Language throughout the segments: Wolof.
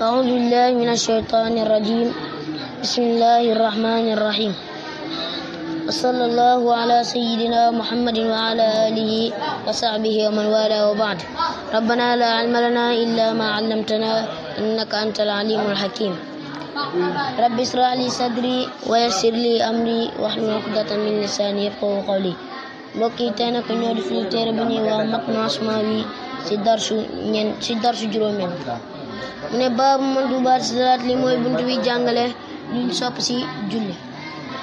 أعوذ بالله من الشيطان الرجيم بسم الله الرحمن الرحيم وصلى الله على سيدنا محمد وعلى آله وصحبه ومن والاه وبعد ربنا لا علم لنا إلا ما علمتنا إنك أنت العليم الحكيم رب اشرح لي صدري ويسر لي أمري واحلل عقدة من لساني يفقهوا قولي mbokk yi tey nag ñoo di firi téere bi ñuy wax mat naasma bi ci darsu ñen ci darsu juróomeel mu ne baabu man dubaat si salaat li mooy buntu bi jàngale luñ sopp si julli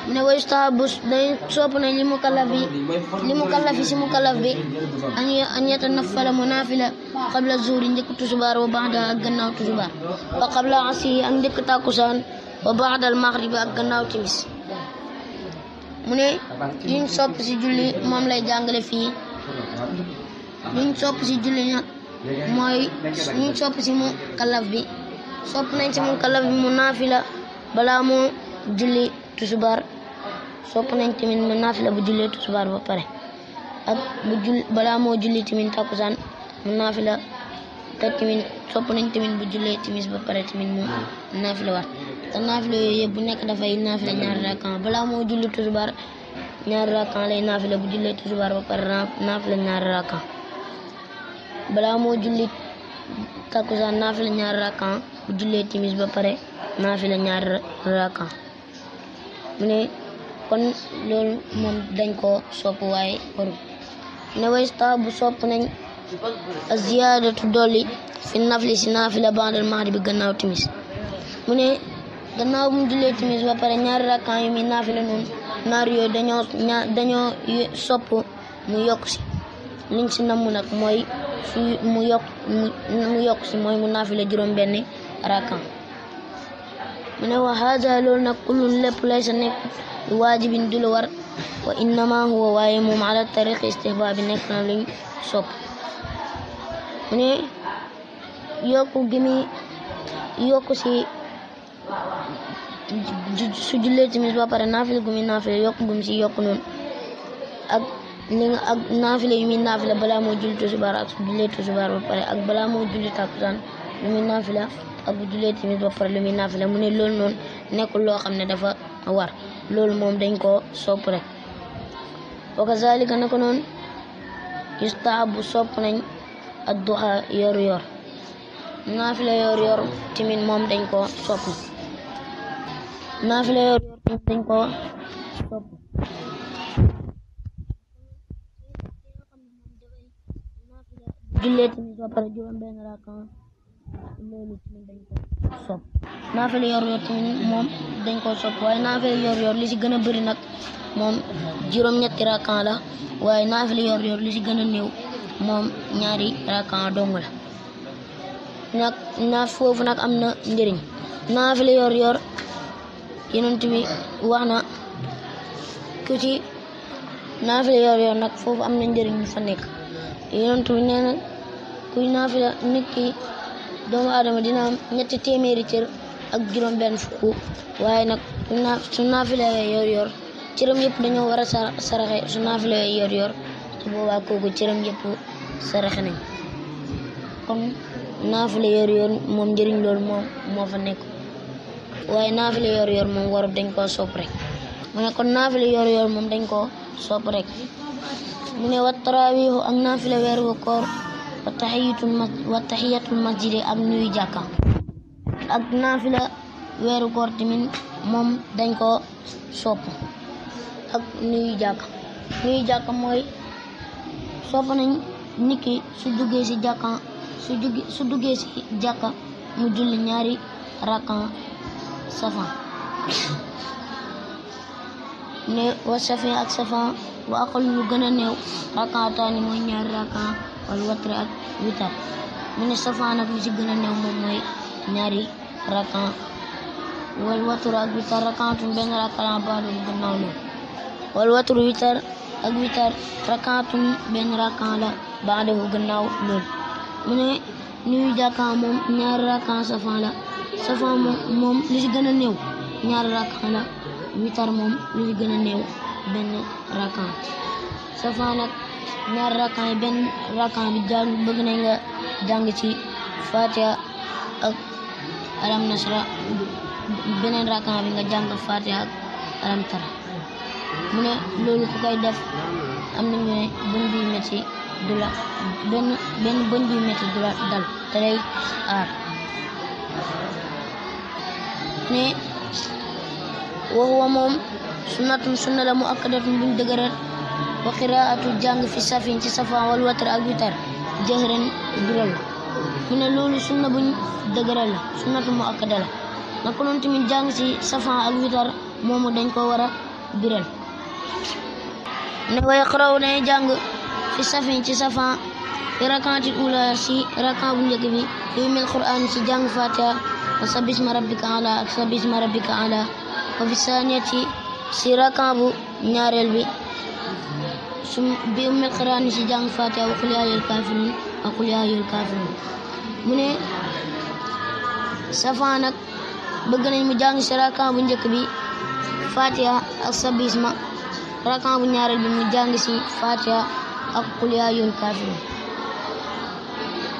mu ne wayu tahabu dañ sopp nañ li mu kalaf bi li mu kalaf si mu kalaf bi an yatanafala mu naafila qabla zuhri njëkk tusubaar wa baxda a gannaaw tusubaar wa qabla asri ak njëkk tàkkusaan wa baxdal maghrib ak gannaaw timis mu ne liñ sopp si julli moom lay jàngale fii liñ sopp si julli nag mooy ñu sopp si mu kalaf bi sopp nañ si mu kalaf bi mu naafila balaa moo julli tusubaar sopp nañ tamit mu naafila bu julli tusubaar ba pare jul balaa moo julli tamit takkusaan mu naafila te tamit sopp nañ bu jullee timis ba pare tamit mu naafila war te naafila yooyu yëpp bu nekk dafay naafila ñaari rakkan balaa moo julli tusubaar ñaari rakkan lay naafila bu jullee tusubaar ba pare naafila ñaari rakkan balaa moo julli takkusaan naafila ñaari rakkan bu jullee timis ba pare naafila ñaari rakkan mu ne kon loolu moom dañ koo sopp waaye waru ne waysta bu sopp nañ a ziyaadatu dolli fi nafli si naafila bandal mahdi bi gannaaw timis mu ne gannaaw mu jullee timis ba pare ñaari rakkan yu muy naafila noonu ñaar yooyu dañoo sopp mu yokk si liñ si namm nag mooy su mu yokk yokk si mooy mu naafila juróom benn rakan mu ne wa haada loolu nag kulul lépp lay sa nekk waajibin du la war wa innama huwa waaye moom ala istihbaabi nekk na luñ sopp mu ne yokku gi mi yokku si jullee timis ba pare naafila gumi naafila yokku gum si yokku noonu li nga ak naafile yu balaa moo julli tusubaar ak su jullee tusubaar ba pare ak balaa moo julli tàkkusaan ak bu jullee timis ba pare lu muy naafila mu ne loolu noonu nekkul loo xam ne dafa war loolu moom dañ koo sopp rek wa noon naka noonu yustaabu sopp nañ ad duha yor yor naafila yor yor timin moom dañ koo sopp naafila yor yor dañ ko sopp jullee tamit ba pare juróom benn yor yor tamit moom dañ koo sopp waaye naafila yor yor li si gën a bëri nag moom juróom-ñetti rakkaan la waaye naafila yor yor li si gën a néew moom ñaari rakkaan dong la nag naa foofu nag am na njëriñ naafila yor yor yeneen tamit wax na ku ci naafila yor yor nag foofu am na njëriñ ñu fa nekk yeneen tamit kuy naafila ki doomu aadama dina am ñetti téeméeri ak juróom waaye nag su naafila yor yor dañoo war a saraxe su naafila yor yor su boobaa kooku cëram yëpp saraxe nañ kon naafila yor moom njëriñ loolu moom moo fa nekk waaye naafila yor yor moom warut dañ koo sopp rek mu ne kon naafila yor moom dañ koo sopp rek mu ne wa taraawiixu ak naafila weeru koor wa taxiyatul masjid wa taxiyatul masjid ak nuyu jàkka ak naafila weeru koor moom dañ ko sopp ak nuyu jàkka nuyu jàkka mooy sopp nañ nit su duggee si jàkka su duggee si jàkka mu julli ñaari rakkan safan ne wa safin ak safan wa aqal lu gën a néew rakkan ataani mooy ñaari rakkan wal watri ak witar mu ne safaan ak li ci gën a néew moom mooy ñaari rakan wal ak witar rakantum benn rakalan baadu gannaaw loolu wal watru witar ak witar rakantum benn rakan la baadu gannaaw loolu mu ne nuyu jàkka moom ñaari rakan safaan la safaan moom li ci gën a néew ñaari rakan la witar moom li ci gën a néew benn rakan ñaari rakkan bi jàng bëgg nañ nga jàng ci fatiha ak alam nasra beneen rakkan bi nga jàng fatiha ak alam tara mu ne loolu ku koy def am nañu ne bën buy métti du la bën buy métti du dal te aar ne waxuwa moom sunnatun sunna mu akkadatun buñ dëgëral wa qiraatu jàng fi safin ci safaan wal watar ak witar jahran biral la mu ne loolu sunna buñ dëgëral sunnatu mu akkada la naka jàng si safaan ak witar moomu dañ ko wara a biral ne way xaraw dañuy jàng fi safin ci safaan fi rakaati ula si rakan bu njëkk bi fi mil quran si jàng fatiha wa sabisma rabbika ala ak sabisma rabbika ala wa fi saaniyati si rakan bu ñaareel bi su bi ummil xiraan si jàng fatiha wa qul yaa ayyuhal kaafiruun wa qul yaa mu ne safaan bëgg nañ mu jàng si rakkan bu njëkk bi fatiha ak sabisma rakkan bu ñaareel bi mu jàng si fatiha ak qul yaa ayyuhal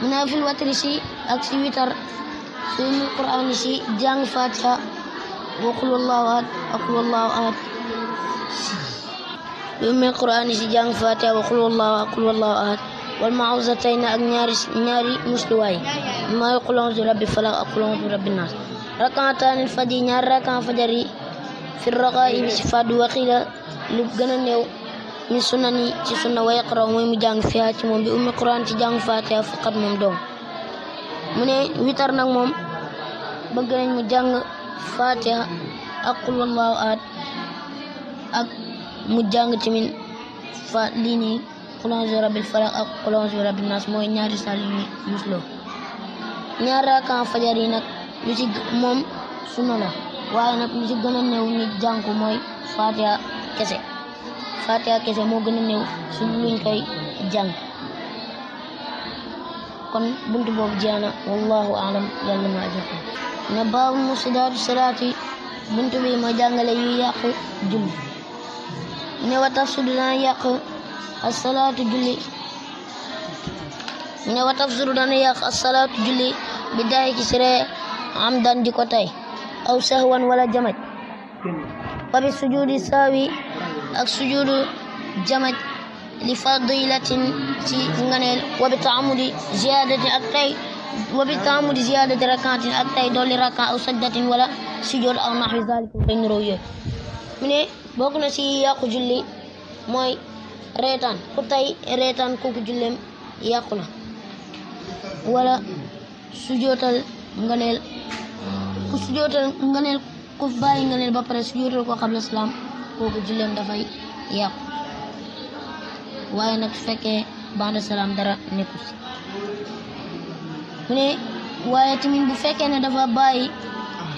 mu ne fil watri si ak si witar su ummil xiraan si jàng fatiha wa qul huwallaahu ahad lu mel quraan yi si jàng fatiha wa qul wallahu wa qul wallahu ahad wal maawzatayni ak ñaari ñaari musluwaay mooy qul rabbi falaq ak qul rabbi naas rakataani faji ñaari rakan fajar yi fi si faddu waxiila lu gën a néew mi sunan yi ci sunna wa yaqra mu jàng fiha ci moom bi ummi quraan ci jàng fatiha faqat moom doom mu ne witar moom bëgg nañ mu jàng fatiha ak qul wallahu ahad mu jàng tamit fa lii nii qul a'uuzu bi rabbil ak qul a'uuzu bi rabbin mooy ñaari saar yu musloo ñaari rakka fajar yi nag lu ci moom sunna waaye nag lu gën a néew nit jàng ko mooy fatiha kese fatiha kese moo gën a néew su luñ koy jàng kon buntu boobu jeex na wallahu alam yàlla ma ajëfe na baabu mufsidaatu salaati buntu bi ma jàngale yu yàqu julli ne wa tafsidu dana yàq asalaatu julli ne wa tafsidu dana yàq asalaatu julli bi daay ci siree am dan di ko tay aw sahwan wala jamaj wa bi sujudi saawi ak sujudu jamaj li fadilatin ci nganeel wa bi taamudi ziyadati ak tay wa bi taamudi ziyadati rakaatin ak tay dolli rakaa aw sajdatin wala sujud aw naxwi zalika bokk na si yàqu julli mooy reetaan ku tey reetaan kooku julleem yàqu na wala sujootal nganeel ku sujootal nganeel ku bàyyi nganeel ba pare sujootal ko xabla salaam kooku julleem dafay yàqu waaye nag ku fekkee banda salaam dara nekku si mu ne waaye tamit bu fekkee ne dafa bàyyi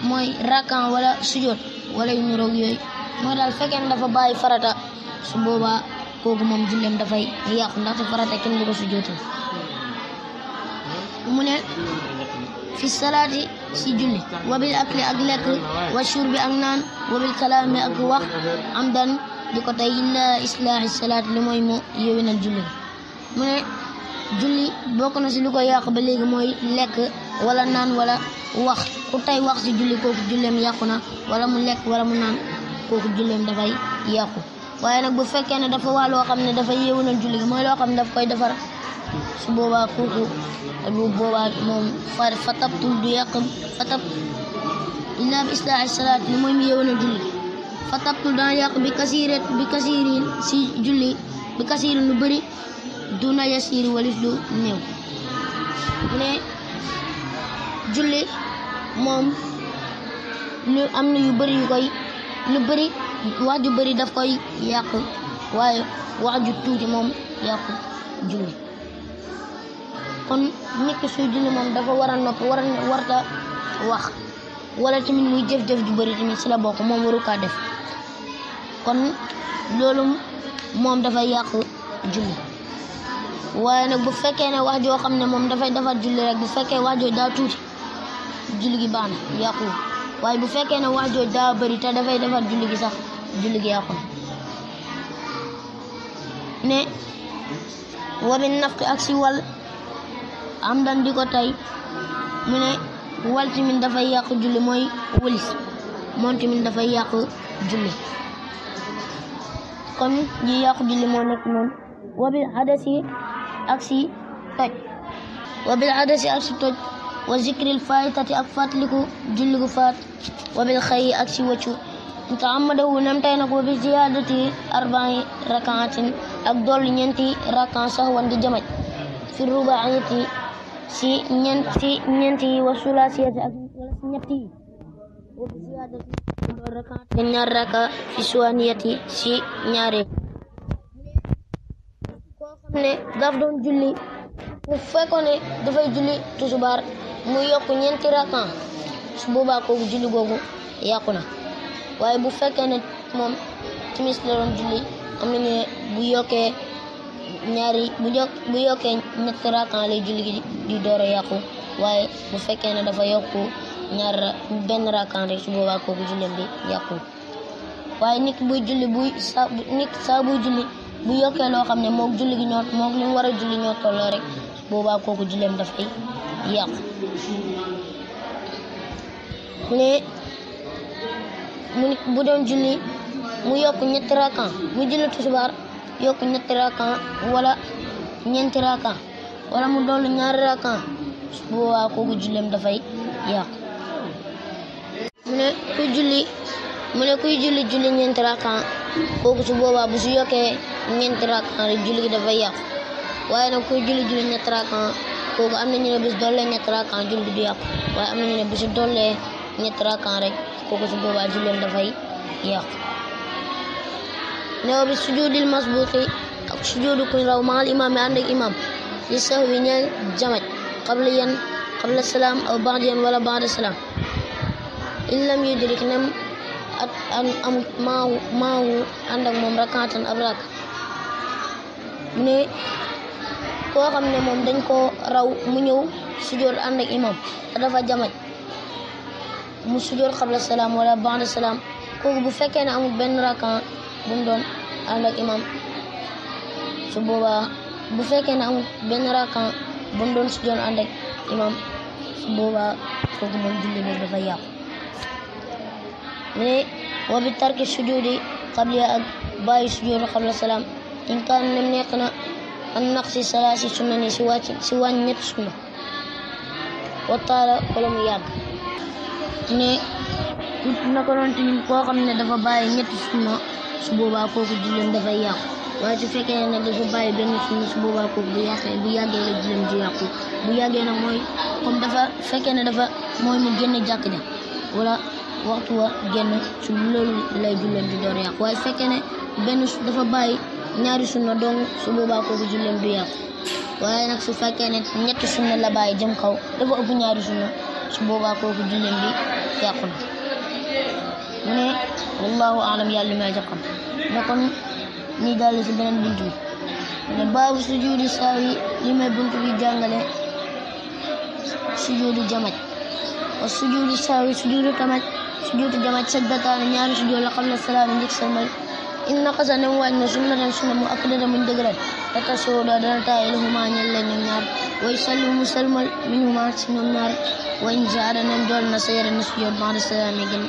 mooy rakkan wala sujoot wala yu niroog yooyu mooy daal fekkee ne dafa bàyyi farata su boobaa kooku moom julleem dafay yàqu ndaxte farata kenn du ko su jootal mu ne fi salaati si julli wabil akli ak lekk wa shurbi ak naan wabil kalaami ak wax am dan di ko tey illa islaahi salaat li mooy mu yewinal julli mu ne julli bokk na si lu ko yàq ba léegi mooy lekk wala naan wala wax ku tey wax si julli kooku julleem yàqu na mu lekk wala mu naan kooku julleem dafay yàqu waaye nag bu fekkee ne dafa waa loo xam ne dafa yéwénal julli gi mooy loo xam koy defar boobaa kooku bu boobaa moom far fatabtul du yàqam fatab illaa yàq bi kasiiret si julli lu bëri du na yasiiri walis julli moom lu am na yu bëri yu koy lu bëri wax ju bëri daf koy yàqu waaye wax ju tuuti moom yàqu julli kon nit ki suy julli moom dafa war a noppi war a warta wax wala tamit muy jëf-jëf ju bëri tamit si la bokk moom waru kaa def kon loolu moom dafay yàqu julli waaye nag bu fekkee ne wax joo xam ne moom dafay defar julli rek bu fekkee wax joo daa tuuti julli gi baax na yàqu waaye bu fekkee ne wax jooju daa bëri te dafay defar julli gi sax julli gi yàqu ne wabin nafqi ak si wal am dan di ko mu ne wal tamit dafay yàq julli mooy wëlis moom tamit dafay yàq julli kon ji yàqu julli moo nekk moom wabil adasi ak si toj wabil adasi ak si toj wa zikril faitati ak fàttaliku julligu faat wa bil xëyi ak si wëccu nta amadahu namtay na ko bi ziyadati arba'i ak dolli ñeenti rakan sax di jamaj fi rubaiyati si ñeent wa sulaasiyati wa bi ziyadati rakaatin ñaar raka fi suwaniyati si ñaare koo xam daf doon julli bu fekkoon dafay julli tusubaar mu yokk ñeenti rakan su boobaa kooku julli googu yàqu na waaye bu fekkee ne moom timis la doon julli am na ne bu yokkee ñaari bu yokk bu yokkee ñetti rakan julli gi di door yàqu waaye bu fekkee ne dafa yokku ñaar benn rakan rek su boobaa kooku julleem bi yàqu waaye nit buy julli buy saa nit saa julli bu yokkee loo xam ne moo julli gi ñoo mook li mu war a julli ñoo rek boobaa kooku julleem dafay yok ne mu bu doon julli mu yokk ñetti rakan mu julli tisbaar yokk ñetti rakan wala ñeenti rakan wala mu dolli ñaari rakan su boobaa kooku julleem dafay yàqu mu ne mu ne kuy julli julli ñeenti rakan kooku su boobaa bu su yokkee ñeenti rakan rek julli gi dafay yàqu waaye nag kuy julli julli ñetti rakan kooku am na ñu ne bu si dollee ñetti rakkaan julli du yàqu waaye am na ñu ne bu si dollee ñetti rakkaan rek kooku su boobaa julleem dafay yàqu new bi sujudil masbuqi ak sujudu kuñ raw maal imaam yi ànd ak imaam li sax wi ñeel jamaj qabla yan qabla salaam aw ba'd yan wala ba'da salaam in lam yudrik nem at an am maawu maawu ànd ak moom rakkaatan ab rakk mu ne koo xam ne moom dañ koo raw mu ñëw sujjoot ànd ak imam te dafa jamaj mu sujjoot xabla salaam wala ba'da salaam kooku bu fekkee ne amul benn rakan bu mu doon ànd ak boobaa bu fekkee ne amul benn doon sujjoot ànd ak imam su boobaa kooku julli bi dafa yàqu mais wa bi tarki sujjoodi xabli ak bàyyi sujjoot xabla salaam in kaan nem nekk النقص ثلاث سنن سوى سوى ñett sunna waxtaara wala mu yàgg ne naka noonu tamit koo xam ne dafa bàyyi ñett sunna su boobaa kooku julleem dafay yàqu waaye su fekkee ne dafa bàyyi benn sunna su boobaa kooku bu yàqee yàggee la julleem ji yàqu bu yàggee nag mooy comme dafa fekkee ne dafa mooy mu génn jàkk ja wala waxtu wa génn su loolu lay julleem di door yàqu waaye fekkee ne benn dafa bàyyi ñaari sunna dong su kooku julleem du yàqu waaye nag su fekkee ne ñetti sunna la bàyyi jëm kaw dafa ëpp ñaari sunna su boobaa kooku julleem bi yàqu na mu ne wallahu alam yàlla li may jàppam ne kon ñi daal si beneen bunt bi ne baabu sujuudi saawi li may bunt bi jàngale sujuudi jamaj wa sujuudi saawi sujuudi tamaj sujuudi jamaj sajdataane ñaari sujuud la xam ne salaam njëkk inna xasanin waaj na sunnatan sunna mu akkadada muñ dëgëral da tasoo da dana taayil huma ñel leen ñoom ñaar way salli mu salmal min huma si ñoom ñaar way njaada nañ dool na sayara na sujjoot ba'da salaam gën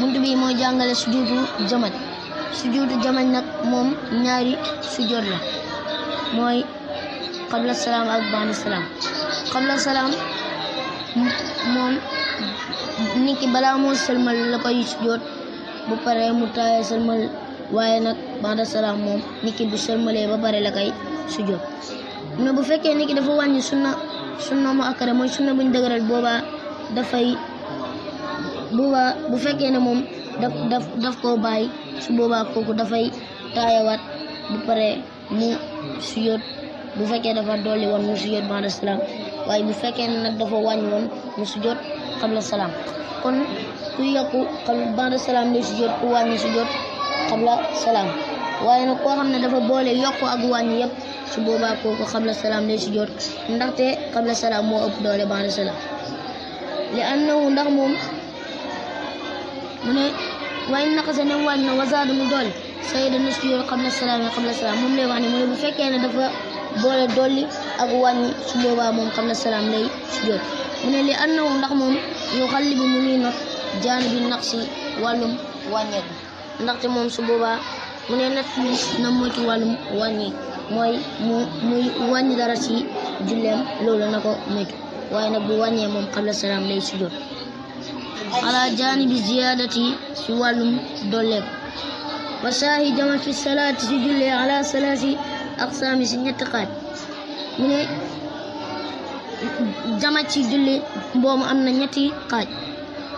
ba'da bi mooy jàngale sujuudu jamaat sujuudu moom ñaari sujjoot la mooy qabla salaam ak ba'da salaam qabla salaam moom nit balaa moo salmal la koy sujjoot bu pare mu taaya sëlmal waaye nag bada salaam moom nit bu sëlmalee ba pare la kay sujjóot mu bu fekkee nit dafa wàññi sunna sunna mu akkara mooy sunna buñ dëgëral boobaa dafay boobaa bu fekkee ne moom daf daf daf koo su boobaa kooku dafay taayawaat bu pare mu sujjóot bu fekkee dafa dolli woon mu sujjóot bada salaam waaye bu fekkee ne nag dafa wàññi woon mu sujjóot salaam kon su yokku xam banda salaam lay su jot ku wàññi su jot salaam waaye na koo xam ne dafa boole yokku ak wàññi yëpp su boobaa kooku xabla salaam lay su jot ndaxte moo ëpp doole banda salaam li annahu ndax moom mu ne waaye naqasa ne wàññi na wasaadu mu na su jot xabla salaam yi lay wax ne mu ne fekkee ne dafa boole dolli ak wàññi su boobaa moom xabla ndax moom yu xallibu mu ngi not jaanu bi nax si wàllum wàññeeku ndaxte moom su boobaa mu ne nag na moytu wàllum wàññi mooy mu muy wàññi dara si julleem loolu na ko moytu waaye nag bu wàññee moom qabla salaam lay sujjoot ala jaani bi ziyaadati si wàllum dolleeku wa saahi jamal fi salaati si jullee ala salaasi aqsaami si ñetti xaaj mu ne jama ci julli mboomu am na ñetti xaaj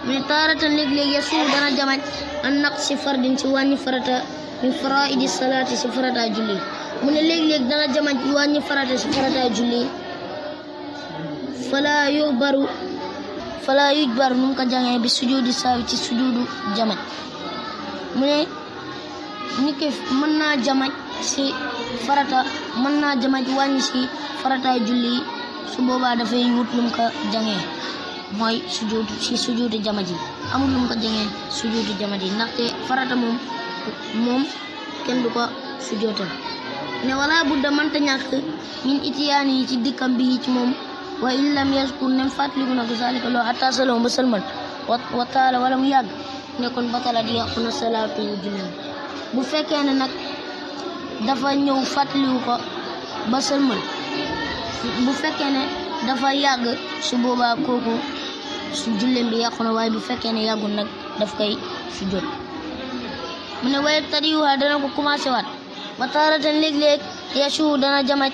mais taaratan léeg-léeg yasuuf dana jamañ an naq si fardin si wàññi farata min faraidi salaati si farata julli mu ne léeg-léeg dana jamañ wàññi si farata julli ko bi sujuudi ci sujuudu jamañ mën naa jamañ naa jamañ wàññi si farata julli su boobaa dafay wut nu mu ko mooy sujud ci sujudu jama ji amul lu mu ko jegee sujudu jama ji ndaxte farata moom moom kenn du ko sujootal ne wala budda mënta ñàkk min itiyaan yi ci dikkam bi ci moom wa in lam yaskur nem fàttaliku na ko saalika loo hatta salom yàgg ne kon batala di yàqu na salaatu julleen bu fekkee ne nag dafa ñëw fàttaliwu ko ba salmal bu fekkee ne dafa yàgg su boobaa kooku su julleem bi yàqu na waaye bu fekkee ne yàggul nag daf koy sujjóot mu ne waaye tariwuha dana ko commencé waat ba taaratan léeg-léeg yasu dana jamaj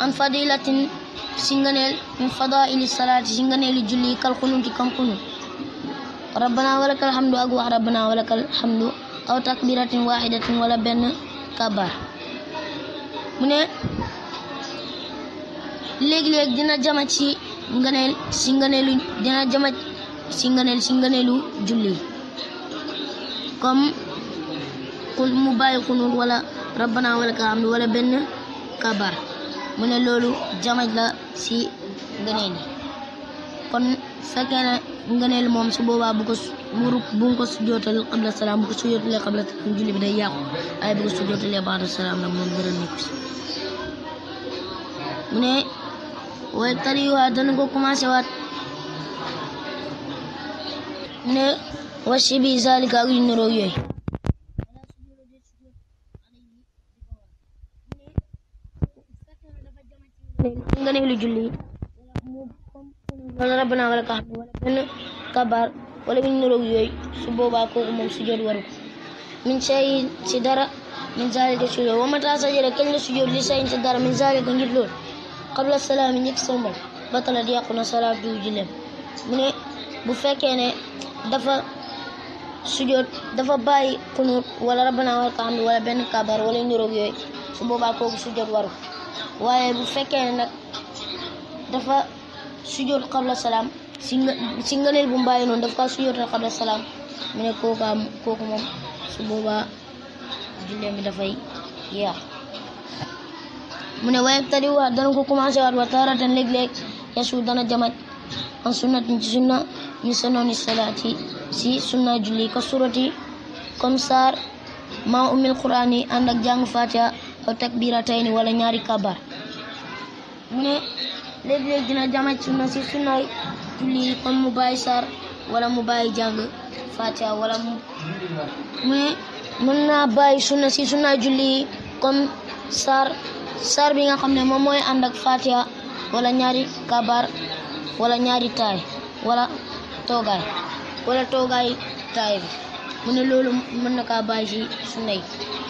an fadilatin si nganeel min fadaili salaati si nganeeli julli kal xunuuti kam xunuut rabbana walakal hamdu aw takbiratin waxidatin wala benn kabar mu ne léeg-léeg dina jama ci ngëneel si ngëneelu dina jëmaj si ngëneel si ngëneelu julli comme xul mu bàyyi xunut wala rabbana wala ka am wala benn kabar mu ne loolu jamaj la si ngëneel yi kon fekkee ne ngëneel moom si boobaa bu ko muru bu ko sujjootalee qabla salaam bu ko sujjootalee qabla salaam julli bi day yàqu waaye bu ko sujjootalee ba'da si mu ne way tariwaa dana ko commencé waat ne wacce bi zalika ak yu niroog yooyu lu julli wala rabbana wala kax wala benn kabaar niroog yooyu su boobaa kooku moom su jot waru min sayin si dara min zalika si loolu wa mata sajada kañ la su jot li si dara min zalika ngir loolu qabla salaam yi njëkk sëlmal batalat yàqu na salaatu julleem mu ne bu fekkee ne dafa sujoot dafa bàyyi kunuut wala rabbana wal hamd wala benn kabar wala ñuróog yooyu su boobaa kooku sujoot waru waaye bu fekkee ne nag dafa sujoot qabla salaam si si ngëneel bu mu bàyyi noonu daf kaa sujootal qabla salaam mu ne kooku moom su boobaa julleem bi dafay yàqu mu ne waaye tari dana ko commencé waat wa taaratan léeg-léeg yesu dana jamaj an sunnatin ci sunna mi sanooni salaati si sunna julli ka surati comme saar wala ñaari kabar mu ne julli comme mu bàyyi saar wala mu bàyyi jàng fatiha wala mu mu ne mën naa bàyyi sunna si sunna julli comme saar saar bi nga xam ne moom mooy ànd ak fatiha wala ñaari kabar wala ñaari taay wala toogaay wala toogaay taay bi mu ne loolu mën na kaa bàyyi ci sunna yi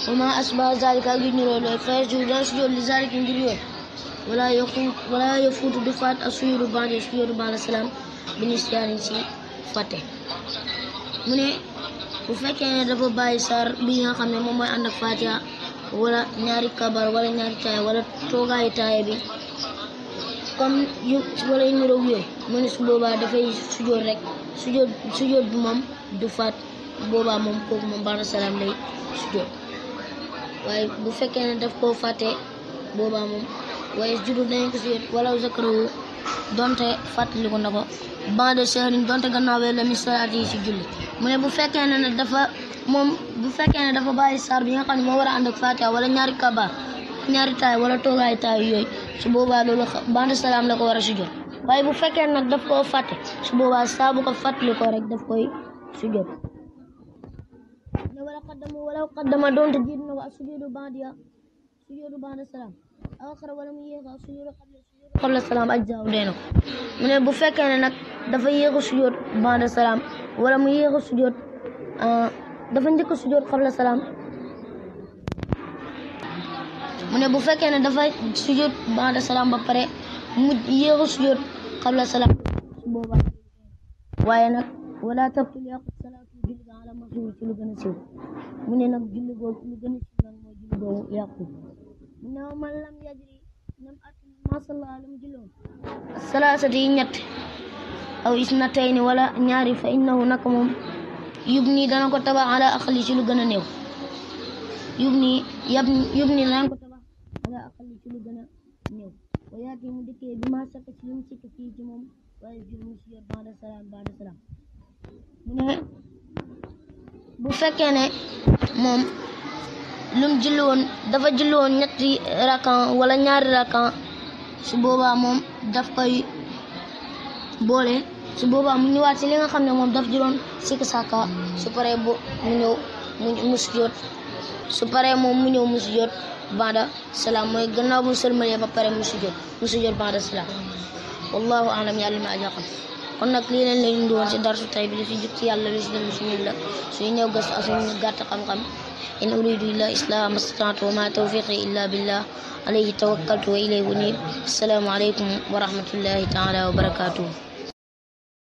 wa ma asba zalika ak yu niroo loolu fa yasjudu dana sujjóot li zalika ngir yooyu wala yaqut wala yafuutu du faat ak saar bi nga xam ne moom mooy ànd ak fatiha wala ñaari kabar wala ñaari taaya wala toogaayu taaya bi comme yu wala yu niroog yooyu mu ne su boobaa dafay sujoot rek sujoot sujoot bi moom du faat boobaa moom kooku moom baax na salaam lay sujoot waaye bu fekkee ne daf koo fàtte boobaa moom waaye juddu dañu ko sujoot wala zakarawu donte fàttaliku na ko bande sehrin donte gannaaw la mi salaat yi julli mu ne bu fekkee ne dafa moom bu fekkee ne dafa bàyyi saar bi nga xam war a ànd ak fatiha wala ñaari kabaar ñaari taay wala toogaay taay yooyu su boobaa loolu bande salaam la war a sujjot waaye bu fekkee nag koo fàtte su boobaa saa bu ko fàttali ko rek daf koy sujjot ne wala xaddama wala xaddama doonte jiit na ko ak salaam aw ak sujjodu xabla salaam ak jaaw dee na mu ne bu fekkee ne nag dafa yéexu sujjoot bande salaam wala mu yéexu sujjoot ah, dafa njëkk sujjoot xabla salaam mu ne bu fekkee ne dafa sujjoot baada salaam ba pare mu yéex a sujjoot xabla salaam boobaa waaye nag wala tabtul yàqu salaatu julli ga ala masiw ci lu gën a siiw mu ne nag julli googu lu gën a siiw nag mooy julli googu yàqu mu ne man lam yajri nam atum masala lam julloon salaasati ñett aw isnatayni wala ñaari fa innahu naka moom yub nii dana ko tabax ala aqali ci lu gën a néew yub nii dana ko tabax ala aqali ci lu gën a néew wa yaati mu dëkkee bi ma sakk ci limu sikk fii ci moom waaye jur mu si yor bada salaam bada salaam bu fekkee ne moom lum julli woon dafa julli woon ñetti rakan wala ñaari rakan su boobaa moom daf koy boole su boobaa mu ñëwaat si li nga xam ne moom daf juróon sikk sàkka su paree bu mu ñëw mu sujjóot su paree moom mu ñëw mu sujjóot bada salaam mooy gannaaw bu sëlmalee ba pare mu sujjóot mu sujjóot bada salaam wallahu alam yàlla ma aja xam kon nag lii leen leen indi woon si darsu tay bi li si jug ci yàlla li si dem suñu la suñu néew gëstu ak suñu gàtt xam-xam in uridu illa islaha mastata'tu wa ma tawfiqi illa billah alayhi tawakkaltu wa taala wa barakatuhu